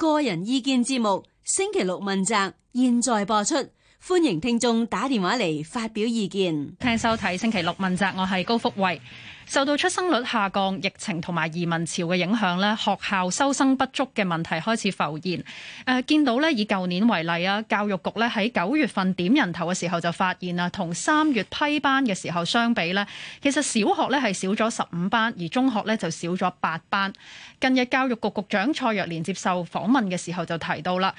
個人意見節目星期六問責，現在播出，歡迎聽眾打電話嚟發表意見。聽收睇星期六問責，我係高福慧。受到出生率下降、疫情同埋移民潮嘅影響呢，學校收生不足嘅問題開始浮現。誒、呃，見到呢以舊年為例啊，教育局呢喺九月份點人頭嘅時候就發現啊，同三月批班嘅時候相比呢，其實小學呢係少咗十五班，而中學呢就少咗八班。近日教育局局長蔡若蓮接受訪問嘅時候就提到啦。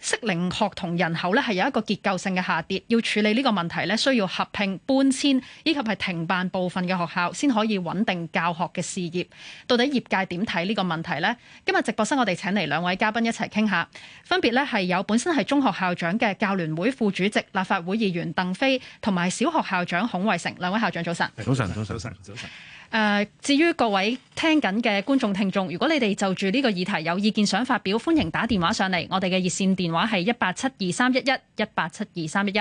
適齡學童人口咧係有一個結構性嘅下跌，要處理呢個問題咧，需要合併、搬遷以及係停辦部分嘅學校，先可以穩定教學嘅事業。到底業界點睇呢個問題呢？今日直播室我哋請嚟兩位嘉賓一齊傾下，分別咧係有本身係中學校長嘅教聯會副主席、立法會議員鄧飛，同埋小學校長孔偉成。兩位校長早晨。早晨，早晨，早晨。呃，至於各位聽緊嘅觀眾聽眾，如果你哋就住呢個議題有意見想發表，歡迎打電話上嚟，我哋嘅熱線電話係一八七二三一一一八七二三一一。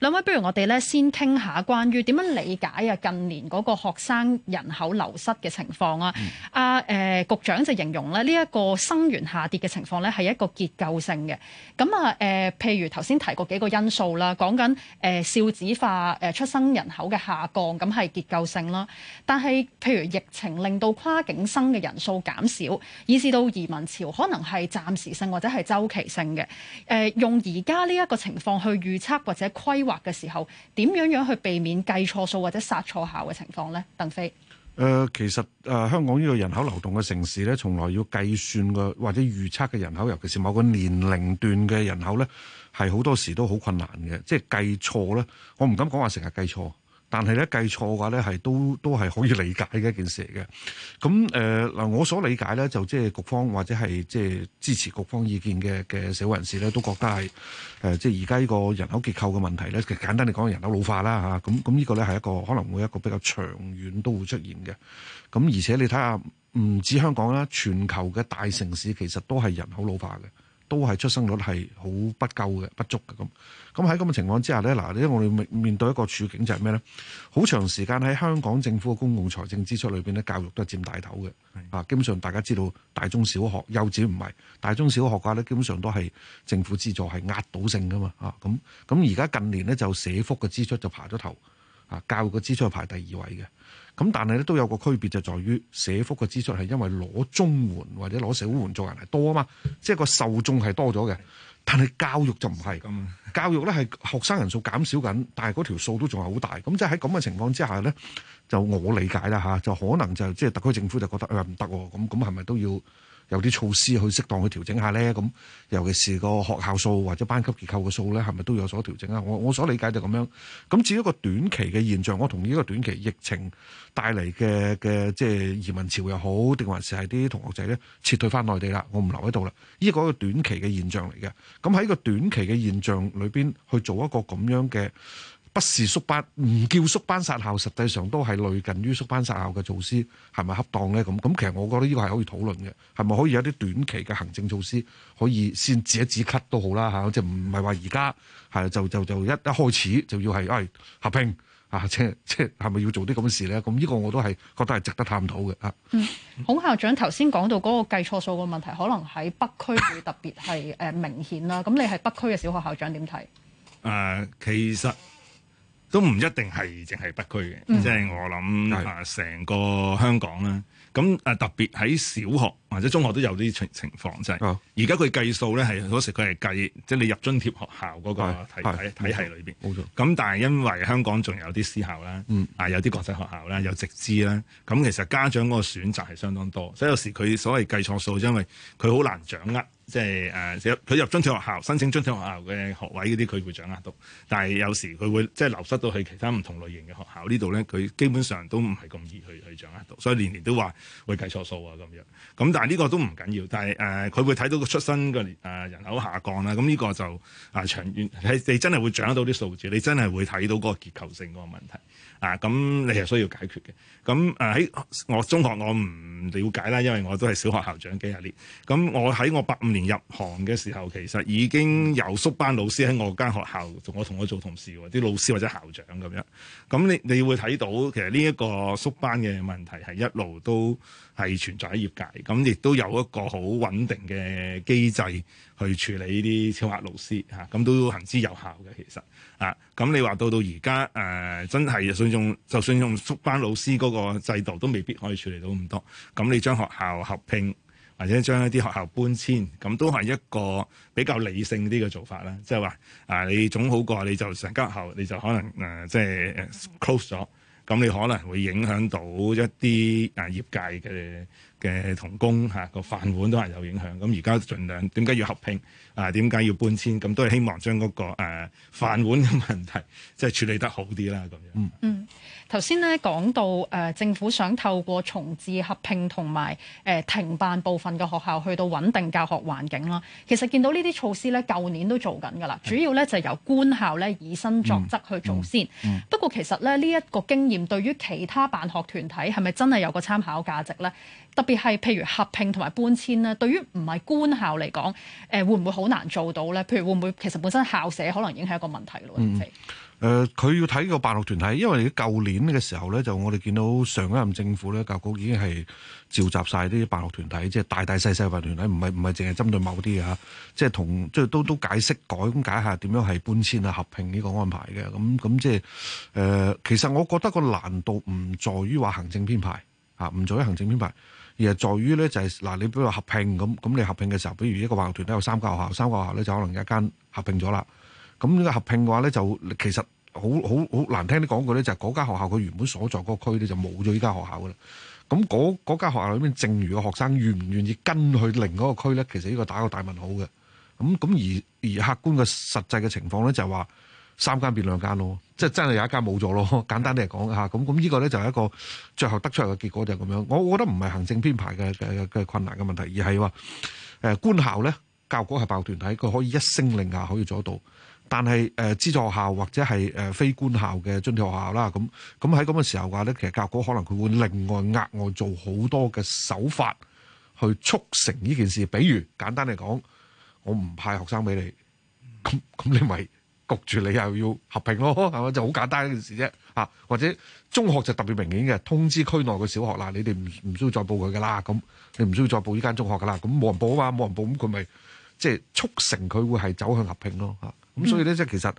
兩位不如我哋咧，先傾下關於點樣理解啊近年嗰個學生人口流失嘅情況、嗯、啊，啊、呃、誒局長就形容咧，呢一個生源下跌嘅情況咧，係一個結構性嘅。咁啊誒譬如頭先提過幾個因素啦，講緊誒、呃、少子化誒、呃、出生人口嘅下降，咁係結構性啦。但係譬如疫情令到跨境生嘅人數減少，以至到移民潮可能係暫時性或者係周期性嘅。誒、呃、用而家呢一個情況去預測或者規畫嘅時候，點樣樣去避免計錯數或者殺錯校嘅情況咧？鄧飛，誒，其實誒、呃，香港呢個人口流動嘅城市咧，從來要計算嘅或者預測嘅人口，尤其是某個年齡段嘅人口咧，係好多時都好困難嘅，即係計錯咧，我唔敢講話成日計錯。但係咧計錯嘅話咧，係都都係可以理解嘅一件事嚟嘅。咁誒嗱，我所理解咧，就即、是、係局方或者係即係支持局方意見嘅嘅社會人士咧，都覺得係誒、呃，即係而家呢個人口結構嘅問題咧，其實簡單嚟講，人口老化啦吓。咁咁呢個咧係一個可能會一個比較長遠都會出現嘅。咁而且你睇下，唔止香港啦，全球嘅大城市其實都係人口老化嘅。都係出生率係好不夠嘅、不足嘅咁。咁喺咁嘅情況之下呢，嗱，我哋面對一個處境就係咩呢？好長時間喺香港政府嘅公共財政支出裏邊咧，教育都係佔大頭嘅。啊的，基本上大家知道大中小學、幼稚園唔係大中小學嘅話咧，基本上都係政府資助，係壓倒性㗎嘛。啊，咁咁而家近年咧就社福嘅支出就爬咗頭，啊，教育嘅支出就排第二位嘅。咁但係咧都有個區別就在於社福嘅支出係因為攞綜援或者攞社會援助人係多啊嘛，即係個受眾係多咗嘅。但係教育就唔係咁，教育咧係學生人數減少緊，但係嗰條數都仲係好大。咁即係喺咁嘅情況之下咧，就我理解啦吓就可能就係、即係特區政府就覺得誒唔得喎，咁咁係咪都要？有啲措施去適當去調整下咧，咁尤其是個學校數或者班級結構嘅數咧，係咪都有所調整啊？我我所理解就咁樣。咁至於一個短期嘅現象，我同呢個短期疫情帶嚟嘅嘅即係移民潮又好，定還是係啲同學仔咧撤退翻內地啦，我唔留喺度啦。呢、這個一個短期嘅現象嚟嘅。咁喺一個短期嘅現象裏邊去做一個咁樣嘅。不是縮班，唔叫縮班殺校，實際上都係類近於縮班殺校嘅措施，係咪恰當咧？咁咁其實我覺得呢個係可以討論嘅，係咪可以有啲短期嘅行政措施可以先止一止咳都好啦嚇，即係唔係話而家係就就就一一開始就要係誒合併啊？即即係咪要做啲咁嘅事咧？咁、這、呢個我都係覺得係值得探討嘅啊、嗯！孔校長頭先講到嗰個計錯數嘅問題，可能喺北區會特別係誒明顯啦。咁 你係北區嘅小學校長點睇？誒、呃，其實。都唔一定係淨係北區嘅，即係、嗯、我諗啊，成個香港啦，咁啊的特別喺小學。或者中學都有啲情情況，就係而家佢計數咧，係嗰時佢係計，即係你入津貼學校嗰個體體、oh. 體系裏面。冇錯。咁、oh. 但係因為香港仲有啲私校啦，mm. 啊有啲國際學校啦，有直資啦，咁其實家長嗰個選擇係相當多，所以有時佢所謂計錯數，因為佢好難掌握，即係佢入津貼學校申請津貼學校嘅學位嗰啲，佢會掌握到，但係有時佢會即係流失到去其他唔同類型嘅學校呢度咧，佢基本上都唔係咁易去去掌握到，所以年年都話會計錯數啊咁樣。咁但係呢個都唔緊要，但係誒佢會睇到個出生個誒人口下降啦。咁呢個就啊長遠，你你真係會掌握到啲數字，你真係會睇到個結構性個問題。啊，咁你係需要解決嘅。咁喺我中學，我唔了解啦，因為我都係小學校長幾十年。咁我喺我八五年入行嘅時候，其實已經有縮班老師喺我間學校同我同我做同事喎，啲老師或者校長咁樣。咁你你會睇到其實呢一個縮班嘅問題係一路都係存在喺業界，咁亦都有一個好穩定嘅機制去處理呢啲超額老師咁、啊、都行之有效嘅其實。啊！咁你話到到而家誒，真係就算用就算用縮班老師嗰個制度，都未必可以處理到咁多。咁你將學校合併，或者將一啲學校搬遷，咁都係一個比較理性啲嘅做法啦。即係話啊，你總好過你就成間校你就可能誒即係 close 咗，咁、呃就是、你可能會影響到一啲啊業界嘅嘅同工吓個飯碗都係有影響，咁而家盡量點解要合併啊？點解要搬遷？咁都係希望將嗰個、那個誒、呃、飯碗嘅問題，即係處理得好啲啦。咁樣嗯嗯，頭先咧講到誒、呃、政府想透過重置合併同埋誒停辦部分嘅學校，去到穩定教學環境啦。其實見到呢啲措施咧，舊年都做緊噶啦。主要咧就係、由官校咧以身作則去做先。嗯嗯嗯、不過其實咧呢一、這個經驗對於其他辦學團體，係咪真係有個參考價值咧？特別係譬如合併同埋搬遷啦，對於唔係官校嚟講，誒、呃、會唔會好難做到咧？譬如會唔會其實本身校舍可能已經係一個問題咯？誒、嗯，佢、呃、要睇個辦學團體，因為舊年嘅時候咧，就我哋見到上一任政府咧，教局已經係召集晒啲辦學團體，即、就、係、是、大大細細嘅團體，唔係唔係淨係針對某啲啊，即、就、係、是、同即係、就是、都都解釋改解下點樣係搬遷啊、合併呢個安排嘅。咁咁即係誒，其實我覺得個難度唔在於話行政編排啊，唔在於行政編排。而係在於咧，就係嗱，你比如話合併咁，咁你合併嘅時候，比如一個華僑團都有三個學校，三個學校咧就可能有一間合併咗啦。咁呢個合併嘅話咧，就其實好好好難聽啲講句咧，就係嗰間學校佢原本所在嗰個區咧就冇咗依間學校噶啦。咁嗰嗰間學校裏面，剩餘嘅學生願唔願意跟去另嗰個區咧？其實呢個打個大問號嘅。咁咁而而客觀嘅實際嘅情況咧，就係話。三間變兩間咯，即係真係有一間冇咗咯。簡單啲嚟講吓，咁咁呢個咧就係一個最後得出嚟嘅結果就係咁樣。我我覺得唔係行政編排嘅嘅嘅困難嘅問題，而係話誒官校咧，教育局係辦學團體，佢可以一聲令下可以做到。但係誒資助學校或者係誒非官校嘅津貼學校啦，咁咁喺咁嘅時候話咧，其實教育局可能佢會另外額外做好多嘅手法去促成呢件事。比如簡單嚟講，我唔派學生俾你，咁咁你咪。焗住你又要合併咯，係嘛就好簡單一件事啫嚇。或者中學就特別明顯嘅，通知區內嘅小學啦，你哋唔唔需要再報佢噶啦，咁你唔需要再報呢間中學噶啦，咁冇人報啊嘛，冇人報咁佢咪即係促成佢會係走向合併咯嚇。咁所以咧即係其實。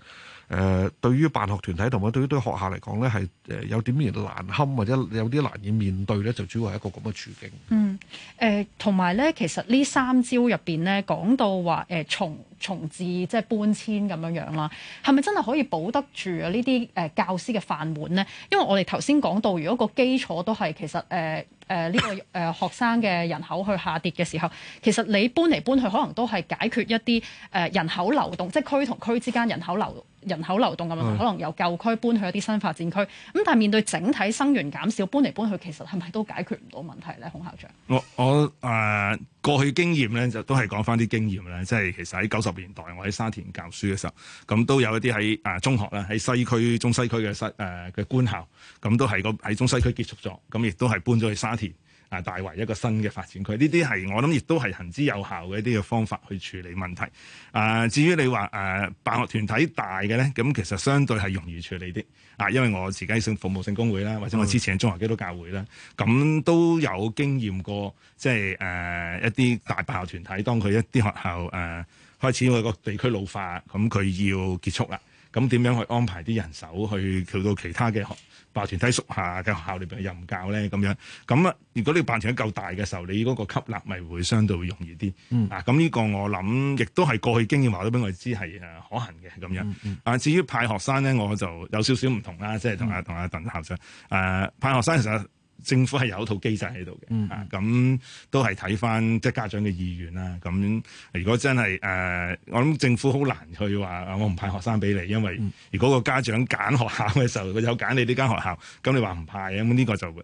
誒、呃、對於辦學團體同埋對於對於學校嚟講咧，係有點難難堪或者有啲難以面對咧，就主要係一個咁嘅處境。嗯，誒同埋咧，其實三呢三招入面咧講到話重重置即係搬遷咁樣樣啦，係咪真係可以保得住啊？呢、呃、啲教師嘅飯碗咧？因為我哋頭先講到，如果個基礎都係其實誒呢、呃這個、呃、學生嘅人口去下跌嘅時候，其實你搬嚟搬去，可能都係解決一啲、呃、人口流動，即係區同區之間人口流動。人口流動咁樣，可能由舊區搬去一啲新發展區。咁但係面對整體生源減少，搬嚟搬去其實係咪都解決唔到問題咧？孔校長，我我誒、呃、過去經驗咧，就都係講翻啲經驗咧，即係其實喺九十年代我喺沙田教書嘅時候，咁都有一啲喺誒中學啦，喺西區中西區嘅西誒嘅官校，咁都係喺中西區結束咗，咁亦都係搬咗去沙田。啊，大圍一個新嘅發展區，佢呢啲係我諗亦都係行之有效嘅一啲嘅方法去處理問題。啊，至於你話誒辦學團體大嘅咧，咁其實相對係容易處理啲。啊，因為我自己係服務性工會啦，或者我之前喺中華基督教會啦，咁都有經驗過，即係誒一啲大辦學團體，當佢一啲學校誒、啊、開始喺個地區老化，咁佢要結束啦。咁點樣去安排啲人手去調到其他嘅辦學團體屬下嘅學校裏邊任教咧？咁樣咁啊，如果你辦團體夠大嘅時候，你嗰個吸納咪會相對容易啲、嗯、啊。咁、這、呢個我諗亦都係過去經驗話咗俾我知係誒可行嘅咁樣。嗯、啊，至於派學生咧，我就有少少唔同啦，即係同阿同阿鄧校長誒、啊、派學生其實。政府係有一套機制喺度嘅，嗯、啊咁都係睇返即係家長嘅意願啦。咁如果真係誒、呃，我諗政府好難去話，我唔派學生俾你，因為如果個家長揀學校嘅時候，佢有揀你呢間學校，咁你話唔派咁呢個就誒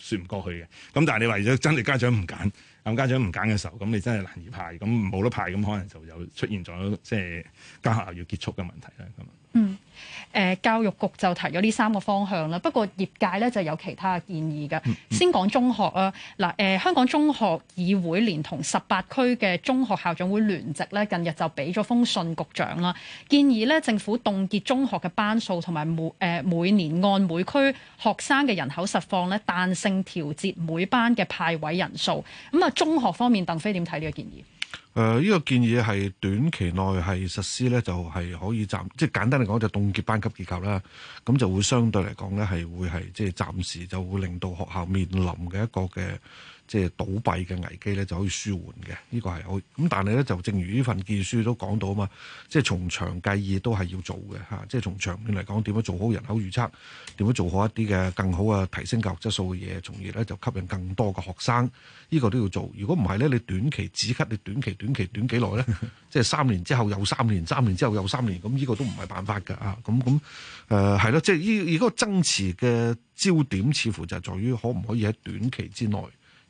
説唔過去嘅。咁但係你話如果真係家長唔揀，咁家長唔揀嘅時候，咁你真係難以派，咁冇得派，咁可能就有出現咗即係間學校要結束嘅問題啦，咁嗯，誒、呃、教育局就提咗呢三個方向啦。不過業界咧就有其他嘅建議嘅。嗯嗯、先講中學啊，嗱、呃、誒香港中學議會連同十八區嘅中學校長會聯席咧，近日就俾咗封信局長啦，建議咧政府凍結中學嘅班數，同埋每誒、呃、每年按每區學生嘅人口實況咧彈性調節每班嘅派位人數。咁、嗯、啊，中學方面，鄧飛點睇呢個建議？誒，呢、呃呢個建議係短期內係實施呢就係、是、可以暫，即係簡單嚟講就凍結班級結構啦。咁就會相對嚟講呢係會係即係暫時就會令到學校面臨嘅一個嘅。即係倒閉嘅危機咧，就可以舒緩嘅。呢個係好咁，但係咧就正如呢份建議書都講到啊嘛，即係從長計議都係要做嘅、啊、即係從長遠嚟講，點樣做好人口預測？點樣做好一啲嘅更好嘅提升教育質素嘅嘢，從而咧就吸引更多嘅學生。呢個都要做。如果唔係咧，你短期止咳，你短期短期短幾耐咧？ 即係三年之後又三年，三年之後又三年，咁呢個都唔係辦法㗎啊！咁咁誒係咯，即係呢而嗰個爭持嘅焦點，似乎就係在於可唔可以喺短期之內。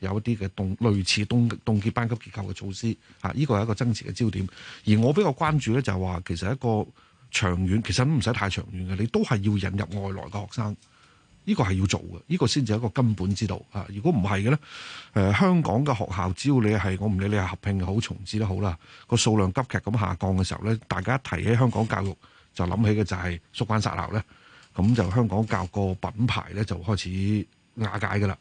有一啲嘅凍類似凍凍結班級結構嘅措施，嚇，呢個係一個爭持嘅焦點。而我比較關注咧，就係話其實一個長遠，其實唔使太長遠嘅，你都係要引入外來嘅學生，呢、這個係要做嘅，呢、這個先至係一個根本之道啊！如果唔係嘅咧，誒、呃、香港嘅學校，只要你係我唔理你係合併好、重置都好啦，個數量急劇咁下降嘅時候咧，大家一提起香港教育就諗起嘅就係縮班殺校咧，咁就香港教育個品牌咧就開始瓦解噶啦，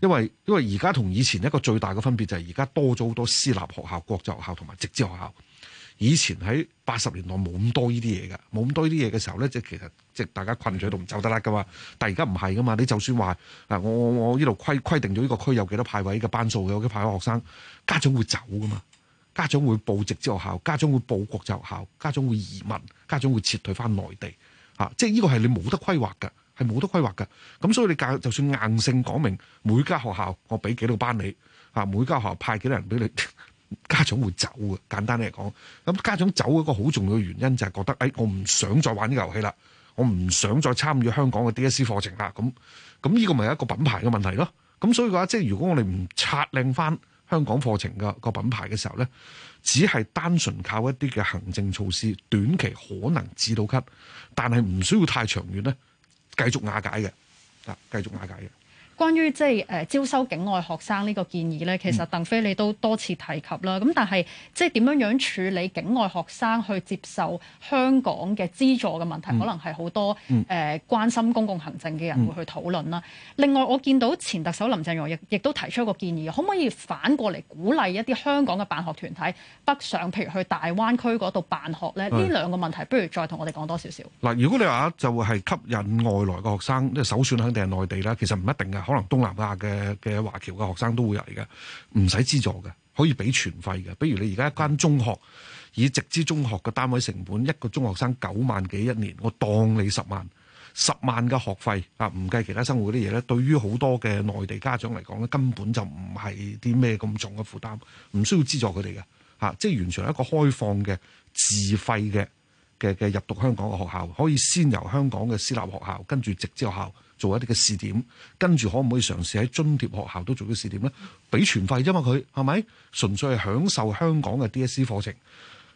因為因為而家同以前一個最大嘅分別就係而家多咗好多私立學校、國際學校同埋直資學校。以前喺八十年代冇咁多呢啲嘢噶，冇咁多呢啲嘢嘅時候咧，即係其實即係大家困咗喺度，唔走得甩噶嘛。但係而家唔係噶嘛，你就算話啊，我我我呢度規規定咗呢個區有幾多派位嘅班數嘅，有幾派位學生，家長會走噶嘛，家長會報直資學校，家長會報國際學校，家長會移民，家長會撤退翻內地嚇、啊，即係呢個係你冇得規劃噶。係冇得規劃噶，咁所以你教就算硬性講明每間學校我俾幾多班你，啊，每間學校派幾多人俾你，家長會走嘅。簡單嚟講，咁家長走一個好重要嘅原因就係覺得誒，我唔想再玩個遊戲啦，我唔想再參與香港嘅 DSE 課程啦。咁咁呢個咪係一個品牌嘅問題咯。咁所以嘅話，即係如果我哋唔擦靚翻香港課程嘅個品牌嘅時候咧，只係單純靠一啲嘅行政措施，短期可能治到咳，但係唔需要太長遠咧。繼續瓦解嘅。啊，繼續瓦解嘅。關於即係誒招收境外學生呢個建議咧，其實鄧飛你都多次提及啦。咁但係即係點樣樣處理境外學生去接受香港嘅資助嘅問題，嗯嗯、可能係好多誒、呃、關心公共行政嘅人會去討論啦。嗯嗯、另外，我見到前特首林鄭月娥亦亦都提出一個建議，可唔可以反過嚟鼓勵一啲香港嘅辦學團體北上，譬如去大灣區嗰度辦學咧？呢、嗯、兩個問題，不如再同我哋講多少少。嗱、嗯，如果你話就會係吸引外來嘅學生，即係首選肯定係內地啦。其實唔一定㗎。可能東南亞嘅嘅華僑嘅學生都會入嚟嘅，唔使資助嘅，可以俾全費嘅。比如你而家一間中學以直資中學嘅單位成本，一個中學生九萬幾一年，我當你十萬，十萬嘅學費啊，唔計其他生活啲嘢咧。對於好多嘅內地家長嚟講咧，根本就唔係啲咩咁重嘅負擔，唔需要資助佢哋嘅吓，即係完全係一個開放嘅自費嘅嘅嘅入讀香港嘅學校，可以先由香港嘅私立學校跟住直資學校。做一啲嘅試點，跟住可唔可以嘗試喺津貼學校都做啲試點咧？俾全費啫嘛，佢係咪純粹係享受香港嘅 DSE 課程？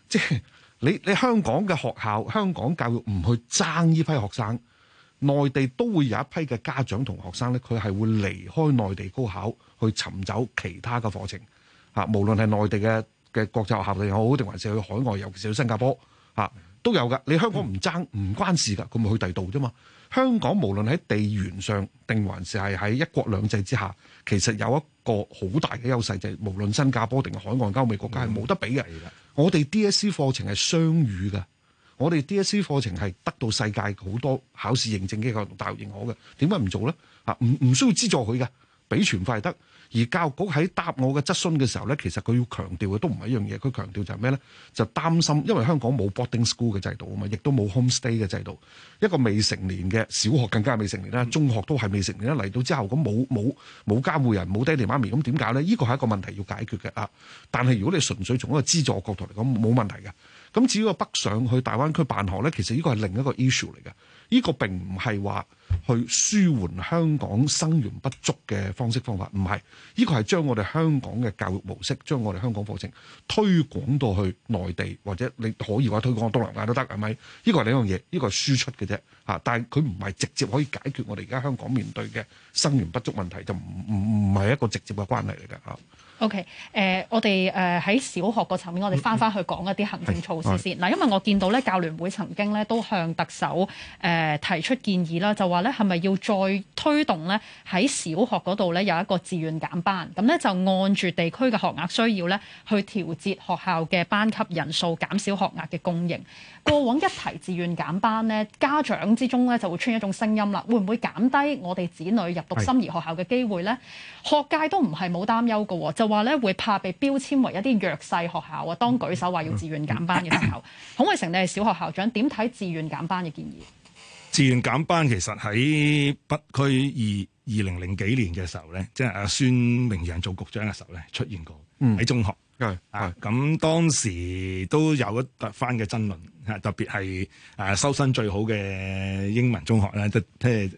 即係你你香港嘅學校，香港教育唔去爭呢批學生，內地都會有一批嘅家長同學生咧，佢係會離開內地高考去尋找其他嘅課程嚇。無論係內地嘅嘅國際學校定好，定還，還是去海外，尤其是去新加坡嚇都有噶。你香港唔爭唔關事噶，咁咪去第二度啫嘛。香港無論喺地緣上定還是係喺一國兩制之下，其實有一個好大嘅優勢，就係、是、無論新加坡定係海外歐美國家係冇得比嘅。我哋 DSE 課程係雙語嘅，我哋 DSE 課程係得到世界好多考試認證機構同大學認可嘅，點解唔做咧？嚇，唔唔需要資助佢㗎。俾全快得，而教育局喺答我嘅質詢嘅時候咧，其實佢要強調嘅都唔係一樣嘢，佢強調就係咩咧？就擔心，因為香港冇 boarding school 嘅制度啊嘛，亦都冇 home stay 嘅制度。一個未成年嘅小學更加未成年啦，中學都係未成年啦，嚟到之後咁冇冇冇監護人，冇爹地媽咪，咁點解咧？呢個係一個問題要解決嘅啊！但係如果你純粹從一個資助角度嚟講，冇問題嘅。咁至於個北上去大灣區辦學咧，其實呢個係另一個 issue 嚟嘅。呢個並唔係話去舒緩香港生源不足嘅方式方法，唔係，呢個係將我哋香港嘅教育模式，將我哋香港課程推廣到去內地，或者你可以話推廣到東南亞都得，係咪？呢個係另一樣嘢，呢個係輸出嘅啫，嚇！但係佢唔係直接可以解決我哋而家香港面對嘅生源不足問題，就唔唔唔係一個直接嘅關係嚟嘅嚇。O.K. 誒、呃，我哋誒喺小學個層面，我哋翻翻去講一啲行政措施先。嗱，因為我見到咧，教聯會曾經咧都向特首、呃、提出建議啦，就話咧係咪要再推動咧喺小學嗰度咧有一個自願減班，咁咧就按住地區嘅學額需要咧去調節學校嘅班級人數，減少學額嘅供應。過往一提自願減班咧，家長之中咧就會出現一種聲音啦，會唔會減低我哋子女入讀心儀學校嘅機會咧？學界都唔係冇擔憂嘅。喎。」話咧會怕被標籤為一啲弱勢學校啊？當舉手話要自願減班嘅時候，咳咳孔偉成，你係小學校長，點睇自願減班嘅建議？自願減班其實喺北區二二零零幾年嘅時候咧，即係阿孫明揚做局長嘅時候咧，出現過喺、嗯、中學。嗯、啊、咁、嗯、當時都有一番嘅爭論，特別係啊收生最好嘅英文中學咧，即係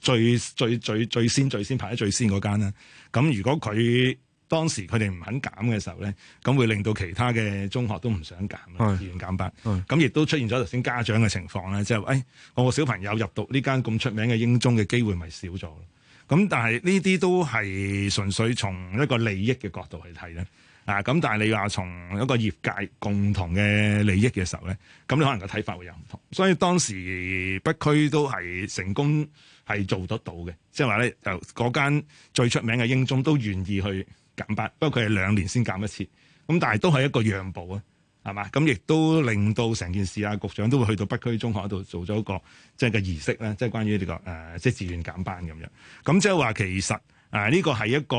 最最最最先最先排喺最先嗰間啦。咁如果佢當時佢哋唔肯減嘅時候咧，咁會令到其他嘅中學都唔想減，願減班。咁，亦都出現咗頭先家長嘅情況咧，即係誒我個小朋友入讀呢間咁出名嘅英中嘅機會咪少咗咯。咁但係呢啲都係純粹從一個利益嘅角度去睇咧啊。咁但係你話從一個業界共同嘅利益嘅時候咧，咁你可能個睇法會有唔同。所以當時北區都係成功係做得到嘅，即係話咧，由嗰間最出名嘅英中都願意去減班，不過佢係兩年先減一次，咁但係都係一個讓步啊，係嘛？咁亦都令到成件事啊，局長都會去到北區中學嗰度做咗一個即係嘅儀式咧，即係關於呢、這個誒、呃、即係自願減班咁樣。咁即係話其實啊，呢、呃這個係一個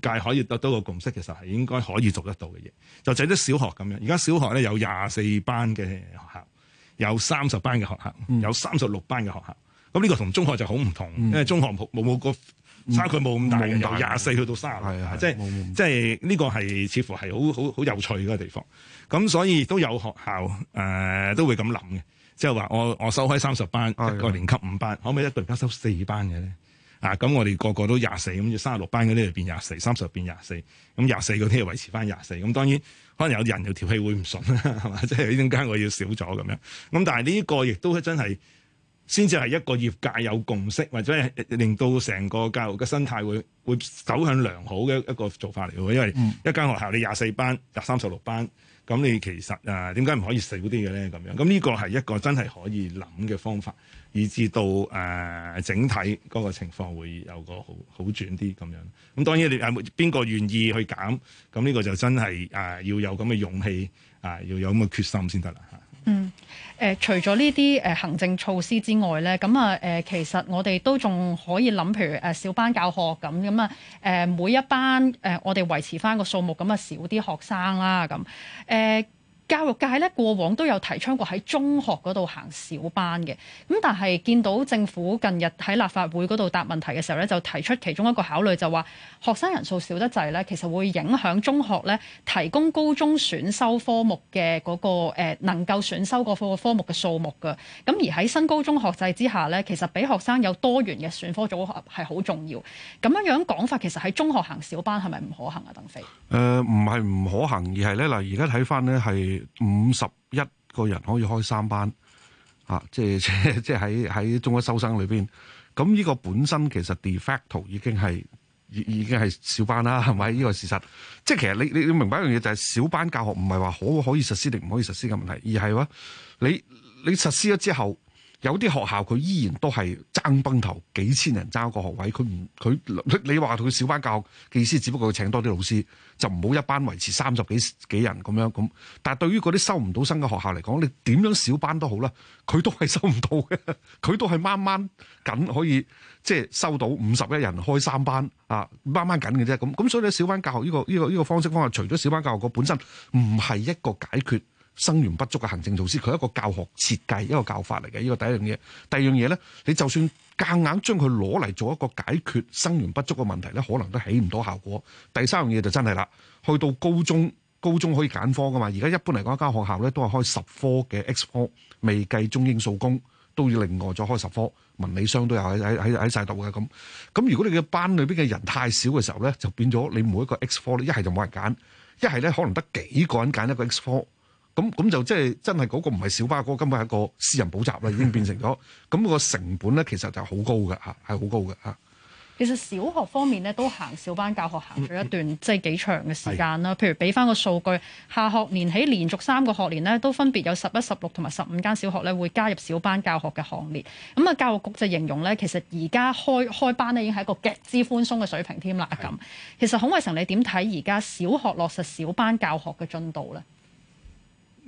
業界可以得到個共識，其實係應該可以做得到嘅嘢。就整啲小學咁樣，而家小學咧有廿四班嘅學校，有三十班嘅學校，有三十六班嘅學校。咁呢個同中學就好唔同，因為中學冇冇個。差距冇咁大嘅，由廿四去到卅六的，即係即係呢個係似乎係好好好有趣嘅地方。咁所以都有學校誒、呃、都會咁諗嘅，即係話我我收開三十班一個年級五班，的可唔可以一突然間收四班嘅咧？啊，咁我哋個個都廿四，咁要卅六班嗰啲就變廿四，三十變廿四，咁廿四嗰啲就維持翻廿四。咁當然可能有人又條氣會唔順啦，係 嘛？即係點解我要少咗咁樣？咁但係呢個亦都真係。先至係一個業界有共識，或者係令到成個教育嘅生態會會走向良好嘅一個做法嚟嘅。因為一間學校你廿四班、廿三十六班，咁你其實啊，點解唔可以少啲嘅咧？咁樣，咁呢個係一個真係可以諗嘅方法，以至到誒、呃、整體嗰個情況會有個好好轉啲咁樣。咁當然你邊個、呃、願意去減？咁呢個就真係啊、呃、要有咁嘅勇氣啊、呃、要有咁嘅決心先得啦。嗯，誒、呃、除咗呢啲誒行政措施之外咧，咁啊誒，其實我哋都仲可以諗，譬如誒小班教學，咁咁啊，誒、呃、每一班誒、呃、我哋維持翻個數目，咁啊，少啲學生啦咁誒。教育界咧過往都有提倡過喺中學嗰度行小班嘅，咁但係見到政府近日喺立法會嗰度答問題嘅時候咧，就提出其中一個考慮就話學生人數少得滯咧，其實會影響中學咧提供高中選修科目嘅嗰、嗰個、呃、能夠選修嗰個科目嘅數目噶。咁而喺新高中學制之下咧，其實俾學生有多元嘅選科組合係好重要。咁樣樣講法其實喺中學行小班係咪唔可行啊？鄧飛誒唔係唔可行，而係咧嗱，而家睇翻咧係。五十一個人可以開三班，啊，即係即係喺喺中一收生裏邊，咁呢個本身其實 de facto 已經係已已經係小班啦，係咪？呢個事實，即係其實你你要明白一樣嘢就係、是、小班教學唔係話可可以實施定唔可以實施嘅問題，而係話你你實施咗之後。有啲學校佢依然都係爭崩頭，幾千人爭一個學位。佢唔佢你話同佢小班教學嘅意思，只不過要請多啲老師，就唔好一班維持三十幾幾人咁樣咁。但係對於嗰啲收唔到生嘅學校嚟講，你點樣小班都好啦，佢都係收唔到嘅，佢都係掹掹緊可以即係收到五十一人開三班啊，掹掹緊嘅啫。咁咁所以呢，小班教學呢個呢個呢個方式方法，除咗小班教學本身唔係一個解決生源不足嘅行政措施，佢係一個教學設計，一個教法嚟嘅。呢個第一樣嘢，第二樣嘢咧，你就算夾硬將佢攞嚟做一個解決生源不足嘅問題咧，可能都起唔到效果。第三樣嘢就真係啦，去到高中，高中可以揀科噶嘛。而家一般嚟講，一間學校咧都係開十科嘅 X 科，未計中英數工，都要另外再開十科，文理商都有喺喺喺曬度嘅咁。咁如果你嘅班裏面嘅人太少嘅時候咧，就變咗你每一個 X 科咧，一係就冇人揀，一係咧可能得幾個人揀一個 X 科，咁咁就即係真係嗰個唔係小班個，根本係一個私人補習啦，已經變成咗咁，嗰個成本咧，其實就好高嘅吓，係好高嘅吓。其實小學方面咧，都行小班教學行咗一段，嗯、即係幾長嘅時間啦。的譬如俾翻個數據，下學年起連續三個學年咧，都分別有十一、十六同埋十五間小學咧會加入小班教學嘅行列。咁啊，教育局就形容咧，其實而家開開班呢已經係一個極之寬鬆嘅水平添啦。咁的，其實孔偉成，你點睇而家小學落實小班教學嘅進度咧？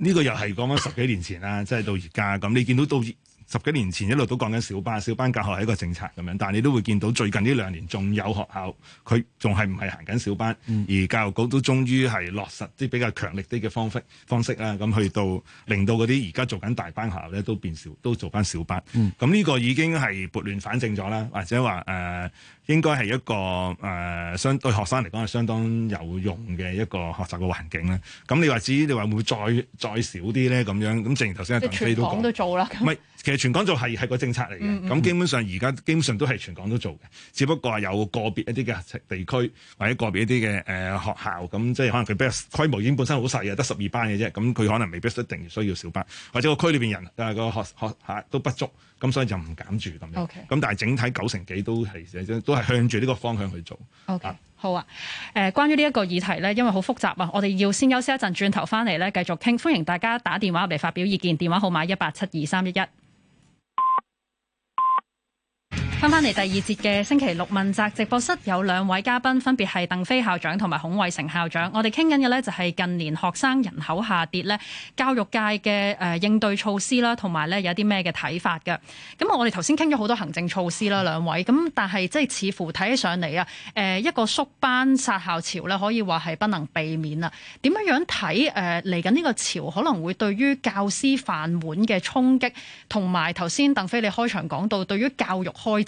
呢個又係講緊十幾年前啦，即係到而家咁，你見到都。十幾年前一路都講緊小班，小班教學係一個政策咁樣，但你都會見到最近呢兩年仲有學校佢仲係唔係行緊小班，嗯、而教育局都終於係落實啲比較強力啲嘅方式、嗯、方式啦，咁去到令到嗰啲而家做緊大班學校咧都變少，都做翻小班。咁呢、嗯、個已經係撥亂反正咗啦，或者話誒、呃、應該係一個誒、呃、相對學生嚟講係相當有用嘅一個學習嘅環境啦。咁你話至於你話會唔會再再少啲咧咁樣，咁正如頭先阿鄧飛都講，唔其實全港做係係個政策嚟嘅，咁、嗯嗯嗯、基本上而家基本上都係全港都做嘅，只不過係有個別一啲嘅地區或者個別一啲嘅誒學校咁、嗯，即係可能佢比規模已經本身好細，又得十二班嘅啫。咁、嗯、佢可能未必一定需要小班，或者個區裏邊人啊個、呃、學學都不足咁、嗯，所以就唔減住咁。o Okay .咁但係整體九成幾都係都係向住呢個方向去做。Okay. 啊好啊。誒、呃，關於呢一個議題咧，因為好複雜啊，我哋要先休息一陣，轉頭返嚟咧繼續傾。歡迎大家打電話嚟發表意見，電話號碼一八七二三一一。翻翻嚟第二節嘅星期六問責直播室，有兩位嘉賓，分別係鄧飛校長同埋孔偉成校長，我哋傾緊嘅咧就係近年學生人口下跌咧，教育界嘅誒、呃、應對措施啦，同埋咧有啲咩嘅睇法嘅。咁我哋頭先傾咗好多行政措施啦，兩位咁，但係即係似乎睇起上嚟啊，誒、呃、一個縮班殺校潮咧，可以話係不能避免啦。點樣樣睇誒嚟緊呢個潮可能會對於教師飯碗嘅衝擊，同埋頭先鄧飛你開場講到對於教育開。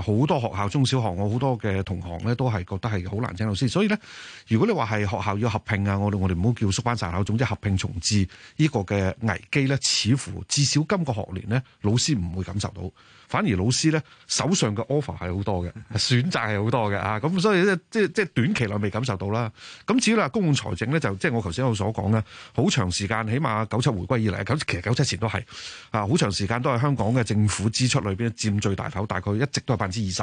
好多學校中小學，我好多嘅同行咧都係覺得係好難請老師，所以咧如果你話係學校要合併啊，我哋我哋唔好叫縮班殺校，總之合併重置呢個嘅危機咧，似乎至少今個學年咧老師唔會感受到，反而老師咧手上嘅 offer 係好多嘅，選擇係好多嘅啊，咁所以即即短期內未感受到啦。咁至於啦公共財政咧，就即係我頭先我所講啦，好長時間，起碼九七回歸以嚟，九其實九七前都係啊，好長時間都係香港嘅政府支出裏邊佔最大頭，大概一直都係。百分之二十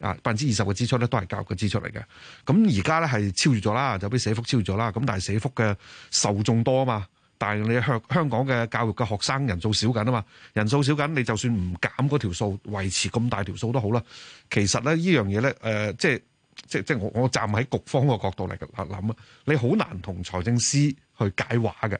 啊，百分之二十嘅支出咧都係教育嘅支出嚟嘅。咁而家咧係超越咗啦，就俾社福超越咗啦。咁但係社福嘅受眾多啊嘛，但係你香香港嘅教育嘅學生人數少緊啊嘛，人數少緊，你就算唔減嗰條數，維持咁大條數都好啦。其實咧呢這樣嘢咧，誒、呃，即係即係即係我我站喺局方個角度嚟諗啊，你好難同財政司去解話嘅。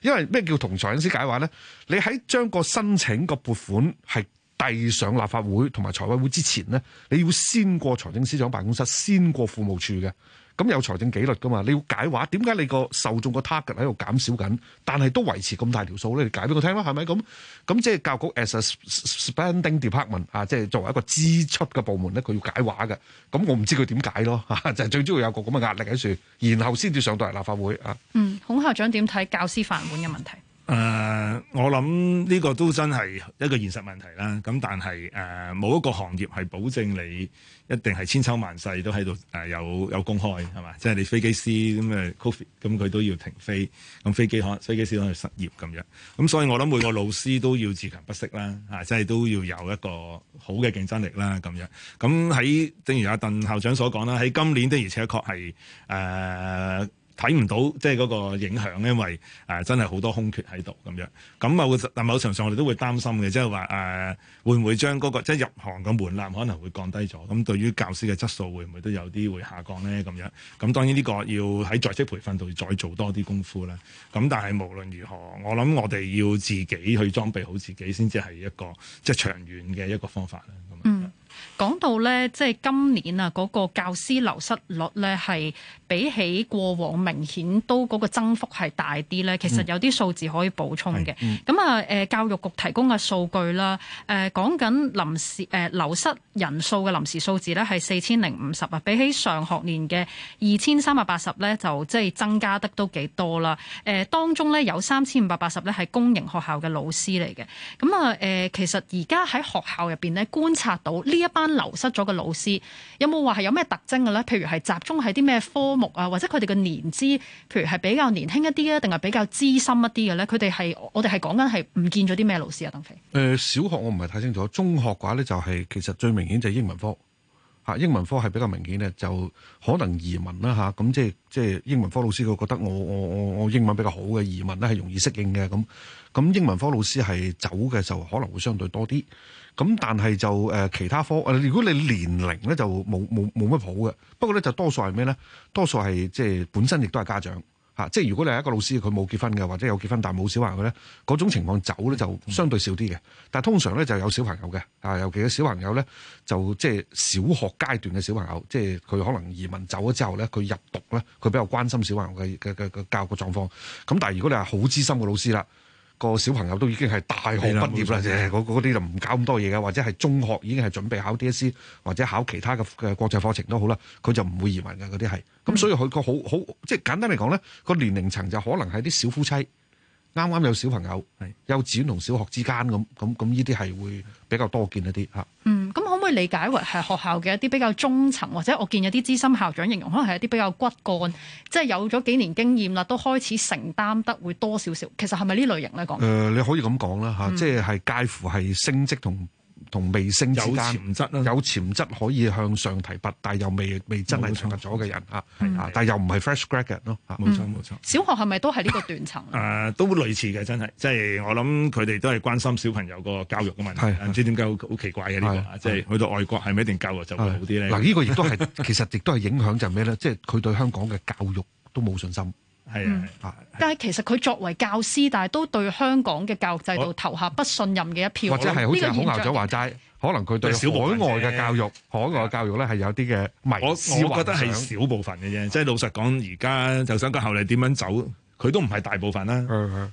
因為咩叫同財政司解話咧？你喺將個申請個撥款係。遞上立法會同埋財委會之前咧，你要先過財政司長辦公室，先過服務處嘅。咁有財政紀律噶嘛？你要解話，點解你個受眾個 target 喺度減少緊，但係都維持咁大條數咧？你解俾我聽啦，係咪咁？咁即係教局 as a spending department 啊，即係作為一個支出嘅部門咧，佢要解話嘅。咁我唔知佢點解咯，啊、就係、是、最主要有個咁嘅壓力喺處，然後先至上到嚟。立法會啊。嗯，孔校長點睇教師飯碗嘅問題？誒、呃，我諗呢個都真係一個現實問題啦。咁但係誒，冇、呃、一個行業係保證你一定係千秋萬世都喺度誒有有公開係嘛？即係你飛機師咁誒 COVID 咁佢都要停飛，咁飛機可飛機師都可能失業咁樣。咁所以我諗每個老師都要自強不息啦，嚇、啊，即係都要有一個好嘅競爭力啦。咁樣咁喺正如阿鄧校長所講啦，喺今年的而且確係誒。呃睇唔到即係嗰個影響，因為誒、呃、真係好多空缺喺度咁樣咁啊。但某程度上，我哋都會擔心嘅、就是呃那個，即係話誒會唔會將嗰個即係入行嘅門檻可能會降低咗咁。對於教師嘅質素，會唔會都有啲會下降咧？咁樣咁當然呢個要喺在，在職培訓度再做多啲功夫啦。咁但係無論如何，我諗我哋要自己去裝備好自己，先至係一個即係、就是、長遠嘅一個方法啦。講到咧，即係今年啊，嗰個教師流失率咧係比起過往明顯都嗰個增幅係大啲咧。其實有啲數字可以補充嘅。咁啊、嗯嗯呃，教育局提供嘅數據啦，誒講緊臨時誒流失人數嘅臨時數字咧係四千零五十啊，比起上學年嘅二千三百八十咧，就即係增加得都幾多啦。誒、呃、當中咧有三千五百八十咧係公營學校嘅老師嚟嘅。咁、呃、啊，其實而家喺學校入邊咧觀察到呢一班。流失咗嘅老師有冇話係有咩特徵嘅咧？譬如係集中喺啲咩科目啊，或者佢哋嘅年資，譬如係比較年輕一啲啊，定係比較資深一啲嘅咧？佢哋係我哋係講緊係唔見咗啲咩老師啊？鄧飛誒、呃，小學我唔係太清楚，中學嘅話咧就係、是、其實最明顯就係英文科嚇，英文科係比較明顯咧，就可能移民啦嚇。咁、啊、即係即係英文科老師佢覺得我我我我英文比較好嘅移民咧係容易適應嘅，咁咁英文科老師係走嘅就可能會相對多啲。咁、嗯、但係就、呃、其他科、呃、如果你年齡咧就冇冇冇乜好嘅。不過咧就多數係咩咧？多數係即係本身亦都係家長、啊、即係如果你係一個老師，佢冇結婚嘅，或者有結婚但冇小朋友咧，嗰種情況走咧就相對少啲嘅。但通常咧就有小朋友嘅啊，尤其係小朋友咧就即係小學階段嘅小朋友，即係佢可能移民走咗之後咧，佢入讀咧，佢比較關心小朋友嘅嘅嘅教育嘅狀況。咁、啊、但如果你係好資深嘅老師啦。個小朋友都已經係大學畢業啦，即嗰啲就唔搞咁多嘢㗎。或者係中學已經係準備考 DSE 或者考其他嘅嘅國際課程都好啦，佢就唔會移民嘅嗰啲係，咁所以佢個好好即係簡單嚟講咧，個年齡層就可能係啲小夫妻。啱啱有小朋友，係是幼稚園同小學之間咁，咁咁呢啲係會比較多見一啲嚇。嗯，咁可唔可以理解為係學校嘅一啲比較中層，或者我見有啲資深校長形容，可能係一啲比較骨幹，即係有咗幾年經驗啦，都開始承擔得會多少少。其實係咪呢類型咧講？呃，你可以咁講啦吓，即係係介乎係升職同。同微升之間有潛質啦，有潛質可以向上提拔，但係又未未真係進入咗嘅人啊，但係又唔係 fresh graduate 咯，冇錯冇錯，小學係咪都係呢個斷層？誒，都類似嘅，真係，即係我諗佢哋都係關心小朋友個教育嘅問題，唔知點解好奇怪嘅呢個即係去到外國係咪一定教育就會好啲咧？嗱，呢個亦都係其實亦都係影響就係咩咧？即係佢對香港嘅教育都冇信心。係啊，但係其實佢作為教師，但係都對香港嘅教育制度投下不信任嘅一票。或者係好似孔校長話齋，可能佢對少海外嘅教育，海外教育咧係有啲嘅迷思。我覺得係少部分嘅啫，即係老實講，而家就想佢後嚟點樣走，佢都唔係大部分啦。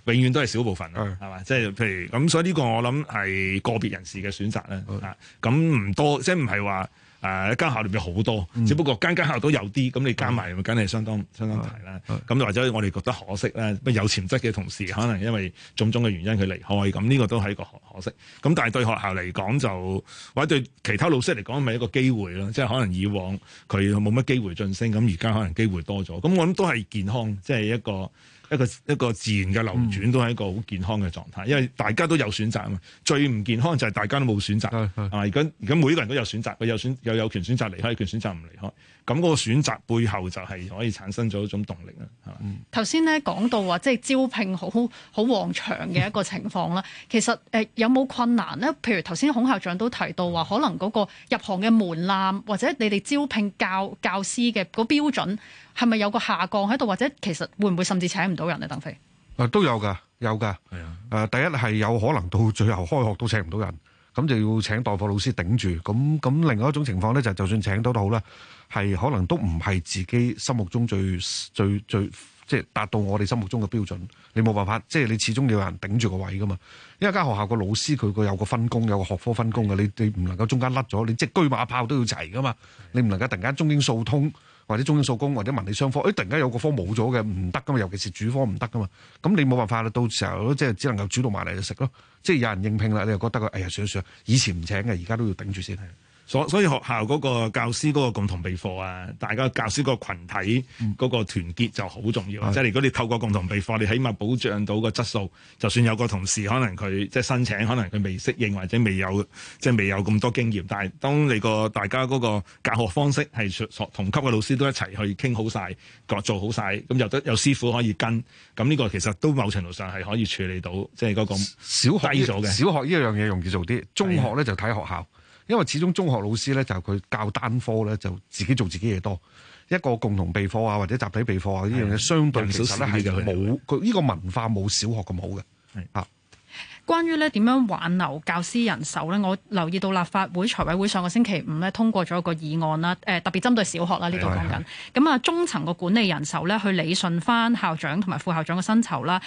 永遠都係少部分，係嘛？即係譬如咁，所以呢個我諗係個別人士嘅選擇啦。啊，咁唔多，即係唔係話。誒、呃、一間校入面好多，嗯、只不過間間校都有啲，咁你加埋咪，梗係相當、嗯、相當大啦。咁、嗯嗯、或者我哋覺得可惜咧，有潛質嘅同事可能因為種種嘅原因佢離開，咁呢個都係一個可惜。咁但係對學校嚟講，就或者對其他老師嚟講，咪一個機會咯。即、就、係、是、可能以往佢冇乜機會晉升，咁而家可能機會多咗。咁我諗都係健康，即、就、係、是、一個。一個一個自然嘅流轉都係一個好健康嘅狀態，因為大家都有選擇啊嘛。最唔健康就係大家都冇選擇，係咪？而家而家每個人都有選擇，佢有選又有，有權選擇離開，有權選擇唔離開。咁嗰個選擇背後就係可以產生咗一種動力啦，係嘛？頭先咧講到話即係招聘好好旺場嘅一個情況啦， 其實誒有冇困難咧？譬如頭先孔校長都提到話，可能嗰個入行嘅門檻或者你哋招聘教教師嘅個標準係咪有個下降喺度，或者其實會唔會甚至請唔到人呢？鄧飛誒都有㗎，有㗎，係啊的、呃、第一係有可能到最後開學都請唔到人。咁就要請代課老師頂住，咁咁另外一種情況咧，就就算請到都好啦，係可能都唔係自己心目中最最最即係達到我哋心目中嘅標準，你冇辦法，即係你始終要有人頂住個位噶嘛，因為間學校個老師佢個有個分工，有個學科分工嘅，你你唔能夠中間甩咗，你即係車馬炮都要齊噶嘛，你唔能夠突然間中英數通。或者中英數工或者文理雙科，哎，突然間有個科冇咗嘅，唔得噶嘛，尤其是主科唔得噶嘛，咁你冇辦法啦，到時候即係只能夠主動埋嚟就食咯，即係有人應聘啦，你又覺得哎呀算算以前唔請嘅，而家都要頂住先。所所以學校嗰個教師嗰個共同備課啊，大家教師個群體嗰個團結就好重要，啊。嗯、即係如果你透過共同備課，你起碼保障到個質素。就算有個同事可能佢即係申請，可能佢未適應或者未有即係未有咁多經驗，但係當你個大家嗰個教學方式係同級嘅老師都一齊去傾好晒，各做好晒，咁又得有師傅可以跟，咁呢個其實都某程度上係可以處理到，即係嗰個低咗嘅。小學呢樣嘢容易做啲，中學咧就睇學校。因為始終中學老師咧就佢教單科咧就自己做自己嘢多，一個共同備課啊或者集體備課啊呢樣嘢相對少。實呢，係冇佢呢個文化冇小學咁好嘅，係啊。關於咧點樣挽留教師人手呢，我留意到立法會財委會上個星期五咧通過咗個議案啦，特別針對小學啦呢度講緊，咁啊中，中層個管理人手咧去理順翻校長同埋副校長嘅薪酬啦，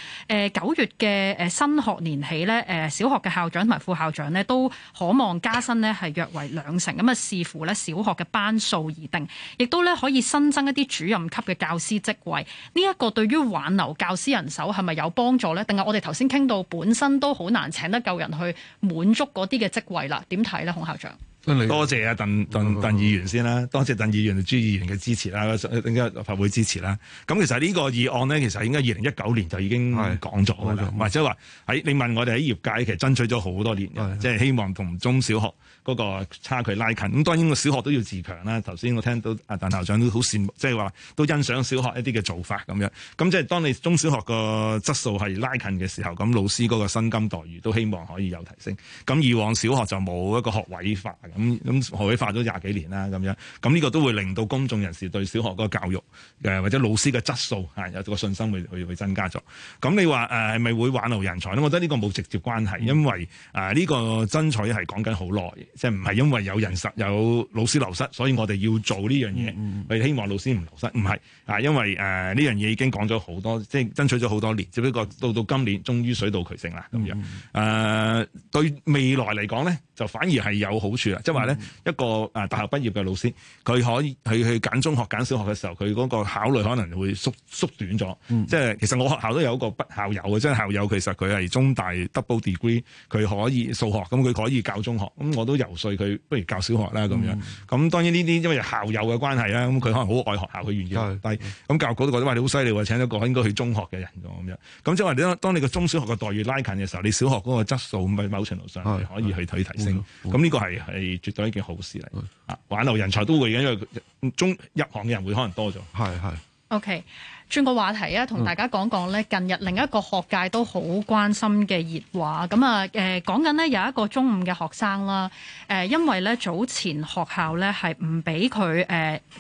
九月嘅新學年起咧，小學嘅校長同埋副校長咧都可望加薪呢係約為兩成，咁啊視乎咧小學嘅班數而定，亦都咧可以新增一啲主任級嘅教師職位，呢一個對於挽留教師人手係咪有幫助呢？定係我哋頭先傾到本身都好。難請得夠人去滿足嗰啲嘅職位啦？點睇咧，孔校長？多謝阿鄧鄧鄧議員先啦，多謝鄧議員同朱議員嘅支持啦，應該立法會支持啦？咁其實呢個議案咧，其實應該二零一九年就已經講咗，或者話喺你問我哋喺業界其實爭取咗好多年，是的即係希望同中小學。嗰個差距拉近，咁當然個小學都要自強啦。頭先我聽到啊，鄧校長都好羨慕，即係話都欣賞小學一啲嘅做法咁樣。咁即係當你中小學個質素係拉近嘅時候，咁老師嗰個薪金待遇都希望可以有提升。咁以往小學就冇一個學位化，咁咁學位化咗廿幾年啦，咁樣。咁呢個都會令到公眾人士對小學嗰個教育嘅或者老師嘅質素啊有個信心會去去增加咗。咁你話啊係咪會挽留人才呢？我覺得呢個冇直接關係，嗯、因為啊呢、呃呢個爭取係講緊好耐。即係唔係因為有人實有老師流失，所以我哋要做呢樣嘢，我哋、嗯、希望老師唔流失。唔係啊，因為誒呢、呃、樣嘢已經講咗好多，即係爭取咗好多年，只不過到到今年終於水到渠成啦咁樣。誒、嗯呃、對未來嚟講咧。就反而係有好處啊！即係話咧，一個誒大學畢業嘅老師，佢可以去去揀中學揀小學嘅時候，佢嗰個考慮可能會縮縮短咗。嗯、即係其實我學校都有一個校友嘅，即係校友其實佢係中大 double degree，佢可以數學，咁佢可以教中學。咁我都遊説佢不如教小學啦咁樣。咁、嗯、當然呢啲因為校友嘅關係啦，咁佢可能好愛學校佢願意，是但係咁教育局都覺得話，你好犀利喎！請一個應該去中學嘅人咁樣。咁即係話你當你個中小學嘅待遇拉近嘅時候，你小學嗰個質素咁喺某程度上可以去睇提升。咁呢、嗯、個係係絕對一件好事嚟，啊是，挽留人才都會嘅，因為中入行嘅人會可能多咗。係係。OK。轉個話題啊，同大家講講咧近日另一個學界都好關心嘅熱話，咁啊講緊有一個中五嘅學生啦，呃，因為咧早前學校咧係唔俾佢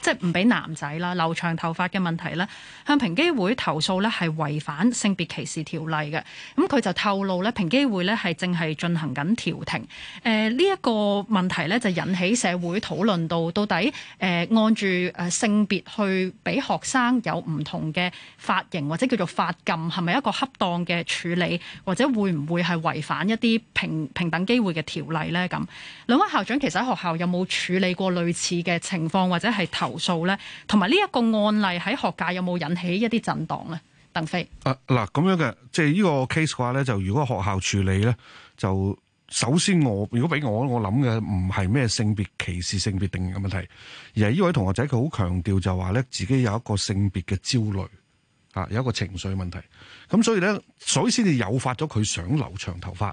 即係唔俾男仔啦留長頭髮嘅問題咧向平機會投訴咧係違反性別歧視條例嘅。咁、嗯、佢就透露咧平機會咧係正係進行緊調停，誒呢一個問題咧就引起社會討論到到底、呃、按住性別去俾學生有唔同嘅。髮髮型，或者叫做髮禁係咪一個恰當嘅處理，或者會唔會係違反一啲平平等機會嘅條例呢？咁兩位校長其實喺學校有冇處理過類似嘅情況，或者係投訴呢？同埋呢一個案例喺學界有冇引起一啲震盪呢？鄧飛，誒嗱咁樣嘅，即係呢個 case 嘅話呢，就如果學校處理呢，就。首先我我，我如果俾我我諗嘅唔係咩性別歧視、性別定型嘅問題，而係呢位同學仔佢好強調就話咧，自己有一個性別嘅焦慮，啊，有一個情緒問題，咁所以咧，所以先至誘發咗佢想留長頭髮，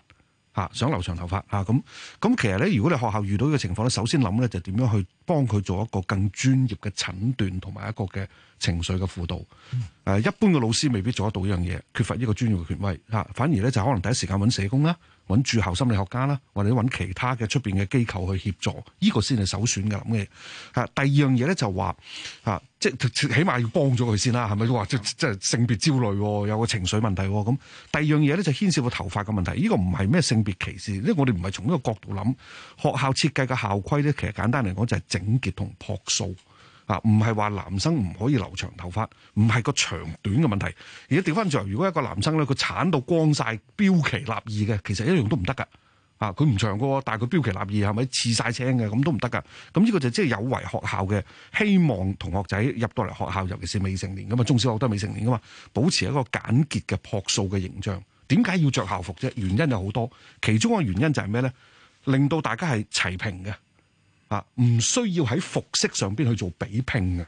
想留長頭髮，咁咁其實咧，如果你學校遇到呢個情況咧，首先諗咧就點樣去幫佢做一個更專業嘅診斷同埋一個嘅情緒嘅輔導，嗯呃、一般嘅老師未必做得到呢樣嘢，缺乏呢個專業嘅權威，反而咧就可能第一時間揾社工啦。揾住校心理學家啦，或者揾其他嘅出邊嘅機構去協助，呢個先係首選嘅咁嘅。嚇，第二樣嘢咧就話嚇，即係起碼要幫咗佢先啦，係咪話即即係性別焦慮，有個情緒問題咁？第二樣嘢咧就牽涉個頭髮嘅問題，呢個唔係咩性別歧視，即係我哋唔係從呢個角度諗學校設計嘅校規咧，其實簡單嚟講就係整潔同樸素。啊，唔係話男生唔可以留長頭髮，唔係個長短嘅問題。而家調翻轉，如果一個男生咧，佢鏟到光晒，標奇立異嘅，其實一樣都唔得噶。啊，佢唔長過但係佢標奇立異，係咪刺晒青嘅？咁都唔得噶。咁呢個就即係有違學校嘅希望同學仔入到嚟學校，尤其是未成年咁嘛，中小學都未成年噶嘛，保持一個簡潔嘅樸素嘅形象。點解要着校服啫？原因有好多，其中一個原因就係咩咧？令到大家係齊平嘅。啊！唔需要喺服飾上邊去做比拼嘅，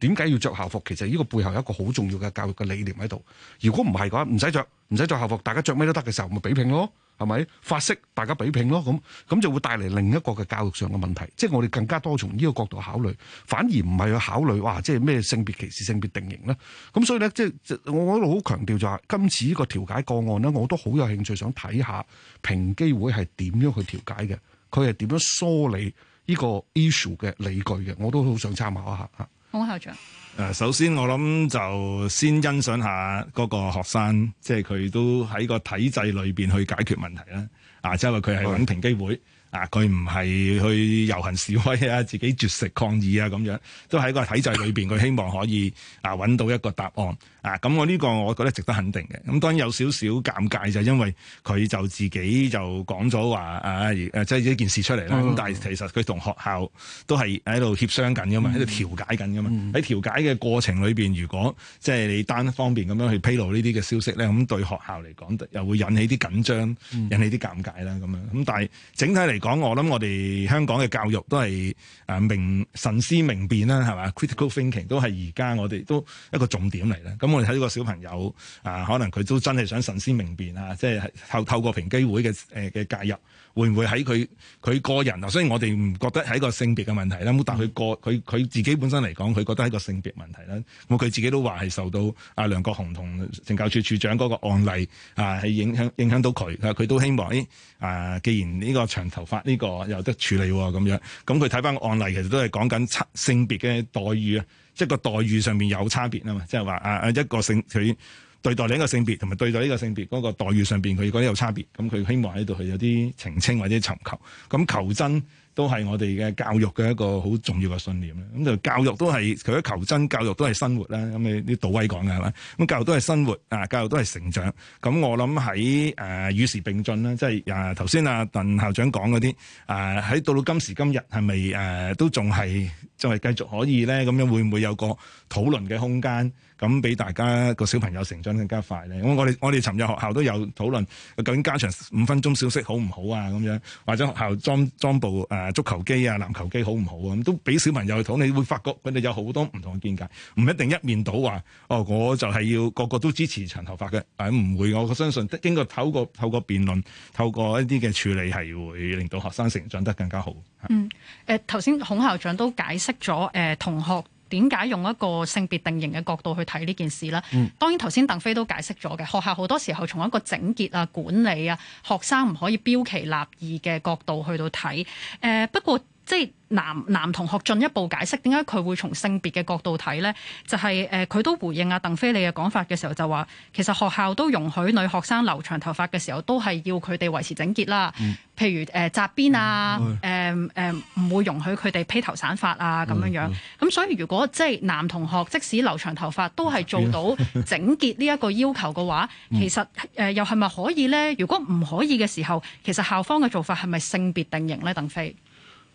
點解要着校服？其實呢個背後有一個好重要嘅教育嘅理念喺度。如果唔係嘅話，唔使着唔使着校服，大家着咩都得嘅時候，咪比拼咯，係咪？髮式大家比拼咯，咁咁就會帶嚟另一個嘅教育上嘅問題。即係我哋更加多從呢個角度考慮，反而唔係去考慮哇，即係咩性別歧視、性別定型咧。咁所以咧，即係我喺度好強調就話，今次呢個調解個案咧，我都好有興趣想睇下平機會係點樣去調解嘅，佢係點樣梳理？呢個 issue 嘅理據嘅，我都好想參考一下。孔校長，誒，首先我諗就先欣賞下嗰個學生，即係佢都喺個體制裏邊去解決問題啦。啊，即係話佢係揾平機會。啊！佢唔係去遊行示威啊，自己絕食抗議啊咁樣，都喺個體制裏邊，佢希望可以啊揾到一個答案啊！咁我呢個我覺得值得肯定嘅。咁當然有少少尷尬，就因為佢就自己就講咗話啊，即係呢件事出嚟啦。咁的、嗯嗯、但係其實佢同學校都係喺度協商緊噶嘛，喺度調解緊噶嘛。喺調解嘅過程裏邊，如果即係你單方面咁樣去披露呢啲嘅消息咧，咁對學校嚟講又會引起啲緊張，嗯、引起啲尷尬啦咁樣。咁但係整體嚟，講我諗，我哋香港嘅教育都係、啊、明慎思明辨啦，係嘛？Critical thinking 都係而家我哋都一個重點嚟啦。咁我哋睇呢個小朋友啊，可能佢都真係想慎思明辨啊，即係透透過平機會嘅嘅、呃、介入。會唔會喺佢佢個人啊？雖然我哋唔覺得係一個性別嘅問題啦。但佢個佢佢自己本身嚟講，佢覺得係一個性別問題啦。咁佢自己都話係受到阿梁國雄同懲教署署長嗰個案例啊，係影響影響到佢。佢都希望、哎、啊，既然呢個長頭髮呢個有得處理咁樣，咁佢睇翻個案例其實都係講緊差性別嘅待遇啊，即係個待遇上面有差別啊嘛。即係話啊啊一個性佢。對待呢個性別同埋對待呢個性別嗰個待遇上邊，佢覺得有差別，咁佢希望喺度係有啲澄清或者尋求，咁求真都係我哋嘅教育嘅一個好重要嘅信念啦。咁就教育都係佢嘅求真，教育都係生活啦。咁你杜威講嘅係嘛？咁教育都係生活啊，教育都係成長。咁我諗喺誒與時並進啦，即係誒頭先啊鄧校長講嗰啲誒，喺到到今時今日係咪誒都仲係？就係繼續可以咧，咁樣會唔會有個討論嘅空間，咁俾大家個小朋友成長更加快咧？咁我哋我哋尋日學校都有討論，究竟加長五分鐘小息好唔好啊？咁樣或者學校裝裝部誒足球機啊、籃球機好唔好啊？咁都俾小朋友去討論，你會發覺佢哋有好多唔同嘅見解，唔一定一面倒話哦，我就係要個個都支持長頭髮嘅，誒、唔會。我相信經過透過透過辯論、透過一啲嘅處理，係會令到學生成長得更加好。嗯，誒頭先孔校長都解釋。咗誒同學點解用一個性別定型嘅角度去睇呢件事啦？嗯、當然頭先鄧飛都解釋咗嘅，學校好多時候從一個整潔啊、管理啊、學生唔可以標奇立異嘅角度去到睇誒。不過，即係男男同學進一步解釋點解佢會從性別嘅角度睇咧，就係誒佢都回應阿鄧飛你嘅講法嘅時候就話，其實學校都容許女學生留長頭髮嘅時候，都係要佢哋維持整潔啦。嗯、譬如誒紮辮啊，誒誒唔會容許佢哋披頭散髮啊咁樣、嗯、樣。咁、嗯、所以如果即係男同學即使留長頭髮都係做到整潔呢一個要求嘅話，嗯、其實誒、呃、又係咪可以咧？如果唔可以嘅時候，其實校方嘅做法係咪性別定型咧？鄧飛。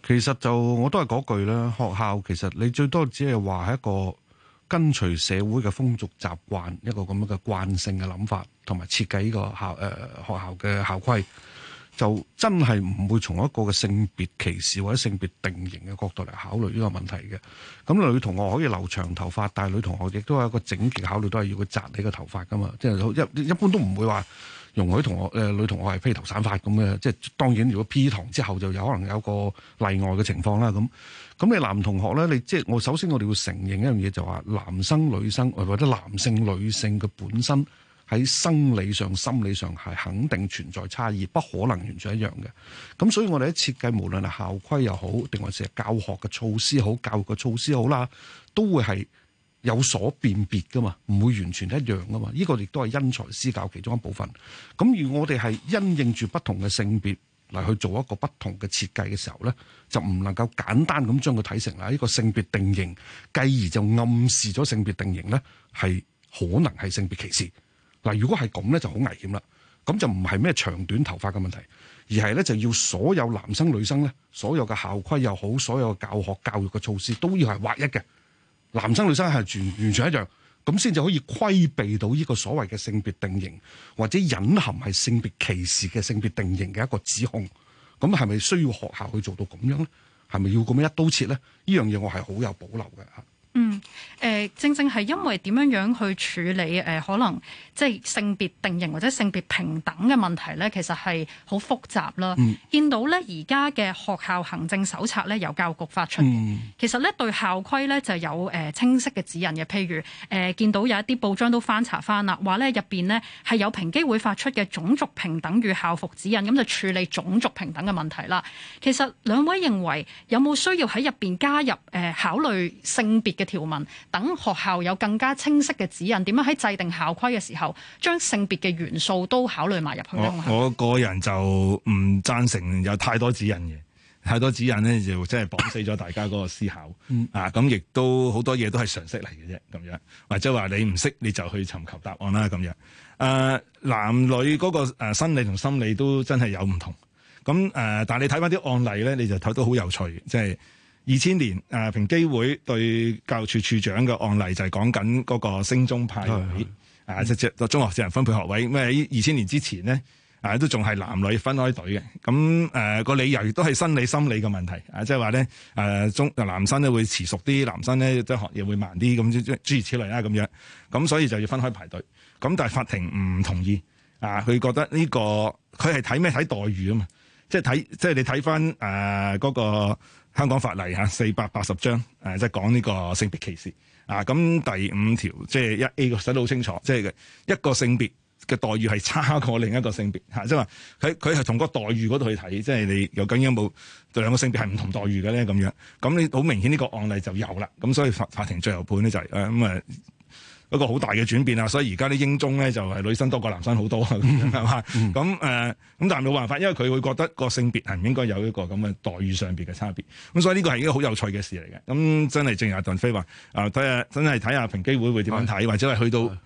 其實就我都係嗰句啦。學校其實你最多只係話係一個跟隨社會嘅風俗習慣，一個咁樣嘅慣性嘅諗法，同埋設計呢個校誒、呃、學校嘅校規，就真係唔會從一個嘅性別歧視或者性別定型嘅角度嚟考慮呢個問題嘅。咁女同學可以留長頭髮，但係女同學亦都係一個整潔考慮，都係要佢紮你個頭髮噶嘛，即係一一般都唔會話。容許同學、呃、女同學係披頭散髮咁嘅，即當然。如果 P 堂之後就有可能有個例外嘅情況啦。咁咁你男同學咧，你即係我首先我哋要承認一樣嘢，就話男生女生或者男性女性嘅本身喺生理上、心理上係肯定存在差異，不可能完全一樣嘅。咁所以我哋喺設計無論係校規又好，定還是教學嘅措施好、教育嘅措施好啦，都會係。有所辨別噶嘛，唔會完全一樣噶嘛。呢個亦都係因材施教其中一部分。咁而我哋係因應住不同嘅性別嚟去做一個不同嘅設計嘅時候咧，就唔能夠簡單咁將佢睇成啦呢個性別定型，繼而就暗示咗性別定型咧係可能係性別歧視。嗱，如果係咁咧就好危險啦。咁就唔係咩長短頭髮嘅問題，而係咧就要所有男生女生咧，所有嘅校規又好，所有嘅教學教育嘅措施都要係劃一嘅。男生女生係完完全一樣，咁先至可以規避到呢個所謂嘅性別定型，或者隱含係性別歧視嘅性別定型嘅一個指控。咁係咪需要學校去做到咁樣咧？係咪要咁樣一刀切咧？呢樣嘢我係好有保留嘅。嗯，誒、呃、正正係因為點樣樣去處理誒、呃、可能。即係性別定型或者性別平等嘅問題咧，其實係好複雜啦。嗯、見到咧，而家嘅學校行政手冊咧，由教育局發出，嗯、其實咧對校規咧就有誒、呃、清晰嘅指引嘅。譬如誒、呃、見到有一啲報章都翻查翻啦，話咧入邊咧係有平機會發出嘅種族平等與校服指引，咁就處理種族平等嘅問題啦。其實兩位認為有冇需要喺入邊加入誒、呃、考慮性別嘅條文，等學校有更加清晰嘅指引，點樣喺制定校規嘅時候？將性別嘅元素都考慮埋入去啊！我我個人就唔贊成有太多指引嘅，太多指引咧就真係綁死咗大家嗰個思考、嗯、啊！咁亦都好多嘢都係常識嚟嘅啫，咁樣或者話你唔識你就去尋求答案啦，咁樣。誒、呃，男女嗰、那個誒生、呃、理同心理都真係有唔同。咁誒、呃，但係你睇翻啲案例咧，你就睇到好有趣。即係二千年誒，平、呃、機會對教育署署長嘅案例就係講緊嗰個升中派位。嗯嗯啊！即、就、即、是、中學只人分配學位，咁喺二千年之前咧，啊都仲係男女分開隊嘅。咁誒個理由亦都係生理心理嘅問題。啊，即係話咧，誒中男生咧會遲熟啲，男生咧即學業會慢啲，咁諸諸如此類啦咁樣。咁所以就要分開排隊。咁但係法庭唔同意。啊，佢覺得呢個佢係睇咩，睇待遇啊嘛，即係睇，即係你睇翻誒嗰個。香港法例嚇四百八十章，誒即係講呢個性別歧視啊！咁第五條即係一 A 個寫得好清楚，即係一個性別嘅待遇係差過另一個性別嚇，即係話佢佢係從個待遇嗰度去睇，即係你究竟有冇兩個性別係唔同待遇嘅咧咁樣，咁你好明顯呢個案例就有啦，咁所以法法庭最後判咧就係啊咁啊。嗯一個好大嘅轉變啊，所以而家啲英中咧就係女生多過男生好多啊，係嘛？咁誒、嗯，咁但係冇辦法，因為佢會覺得個性別係唔應該有一個咁嘅待遇上邊嘅差別，咁所以呢個係一個好有趣嘅事嚟嘅。咁真係正如阿鄧飛話，啊睇下真係睇下平機會會點樣睇，的或者係去到。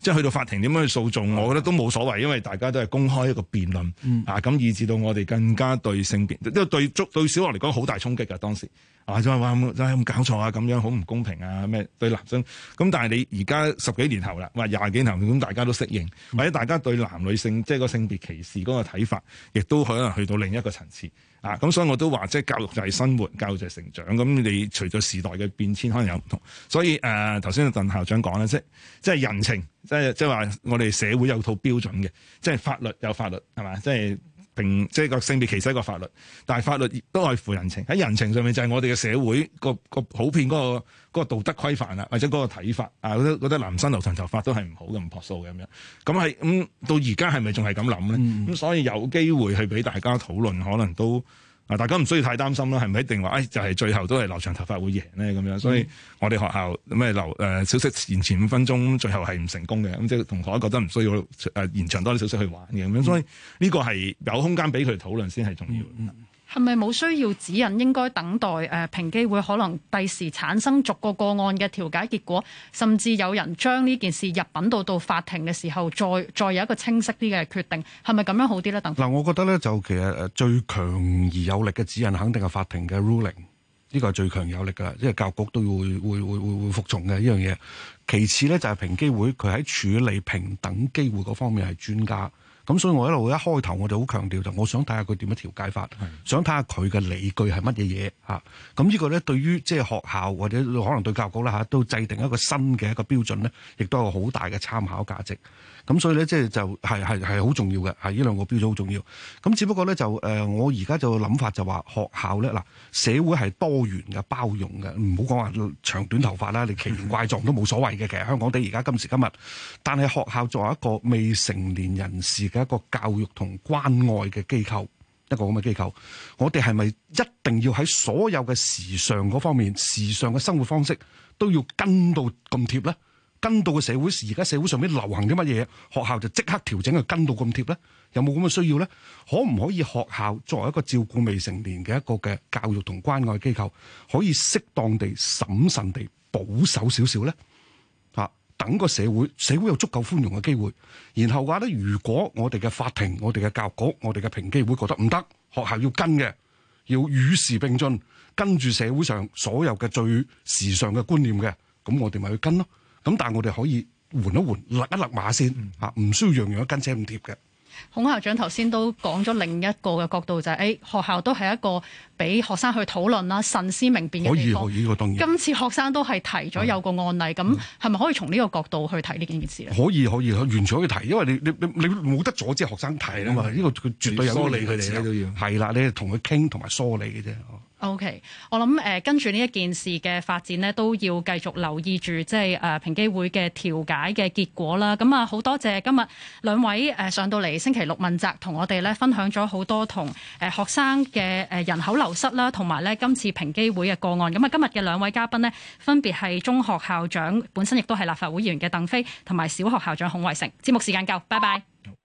即係去到法庭點樣去訴訟，我覺得都冇所謂，因為大家都係公開一個辯論、嗯、啊，咁以至到我哋更加對性別，即係對足對小學嚟講好大衝擊嘅當時啊，就係話有冇搞錯啊，咁樣好唔公平啊咩對男生咁，但係你而家十幾年後啦，話廿幾年後咁大家都適應，或者大家對男女性即係個性別歧視嗰個睇法，亦都可能去到另一個層次。啊！咁所以我都話，即教育就係生活，教育就係成長。咁你除咗時代嘅變遷，可能有唔同。所以誒，頭先鄧校長講啦，即係即係人情，即係即係話我哋社會有套標準嘅，即係法律有法律，係嘛？即係平即係個性別歧視一個法律，但係法律亦都在乎人情。喺人情上面，就係我哋嘅社會個個普遍嗰個。嗰個嗰個嗰個嗰個道德規範啦，或者嗰個睇法啊，覺得覺得男生留長頭髮都係唔好嘅、唔樸素嘅咁樣，咁係咁到而家係咪仲係咁諗咧？咁、嗯、所以有機會去俾大家討論，可能都啊大家唔需要太擔心啦，係咪一定話誒、哎、就係、是、最後都係留長頭髮會贏咧咁樣？所以、嗯、我哋學校咩、嗯、留誒、呃、小息延前、前五分鐘，最後係唔成功嘅，咁即係同學覺得唔需要誒延長多啲小息去玩嘅咁樣，所以呢個係有空間俾佢討論先係重要。嗯嗯。係咪冇需要指引？應該等待誒平機會可能第時產生逐個個案嘅調解結果，甚至有人將呢件事入禀到到法庭嘅時候，再再再有一個清晰啲嘅決定，係咪咁樣好啲咧？等嗱，我覺得咧就其實誒最強而有力嘅指引，肯定係法庭嘅 ruling，呢個係最強有力噶，因為教育局都會會會會服從嘅呢樣嘢。其次咧就係平機會佢喺處理平等機會嗰方面係專家。咁所以我一路一開頭我就好強調就，我想睇下佢點樣調解法，的想睇下佢嘅理據係乜嘢嘢嚇。咁呢個咧對於即係學校或者可能對教育局啦嚇，都制定一個新嘅一個標準咧，亦都有好大嘅參考價值。咁、嗯、所以咧，即係就係係係好重要嘅，係呢兩個標準好重要。咁只不過咧，就誒、呃、我而家就諗法就話學校咧，嗱社會係多元嘅、包容嘅，唔好講話長短頭髮啦，你奇形怪狀都冇所謂嘅。其實香港地而家今時今日，但係學校作為一個未成年人士嘅一個教育同關愛嘅機構，一個咁嘅機構，我哋係咪一定要喺所有嘅時尚嗰方面、時尚嘅生活方式都要跟到咁貼咧？跟到嘅社會而家社會上面流行啲乜嘢，學校就即刻調整去跟到咁貼呢？有冇咁嘅需要呢？可唔可以學校作為一個照顧未成年嘅一個嘅教育同關愛機構，可以適當地審慎地保守少少呢？啊！等個社會社會有足夠寬容嘅機會，然後話呢，如果我哋嘅法庭、我哋嘅教育局、我哋嘅平機會覺得唔得，學校要跟嘅，要與時並進，跟住社會上所有嘅最時尚嘅觀念嘅，咁我哋咪去跟咯。咁但係我哋可以緩一緩，勒一勒馬先嚇，唔、嗯、需要樣樣跟車咁貼嘅。孔校長頭先都講咗另一個嘅角度就係、是，誒學校都係一個俾學生去討論啦、慎思明辨嘅地方。可以，可以，這個、當然。今次學生都係提咗有個案例，咁係咪可以從呢個角度去提呢件事呢？可以，可以，完全可以提，因為你你你你冇得阻止學生提啊嘛。呢、嗯這個佢絕對有道理佢哋都要。係啦，你同佢傾，同埋梳理嘅啫 O.K. 我諗、呃、跟住呢一件事嘅發展呢都要繼續留意住，即係平機會嘅調解嘅結果啦。咁啊好多謝今日兩位、呃、上到嚟星期六問責，同我哋咧分享咗好多同誒學生嘅人口流失啦，同埋咧今次平機會嘅個案。咁啊今日嘅兩位嘉賓呢，分別係中學校長、本身亦都係立法會議員嘅鄧飛，同埋小學校長孔偉成。節目時間夠，拜拜。No.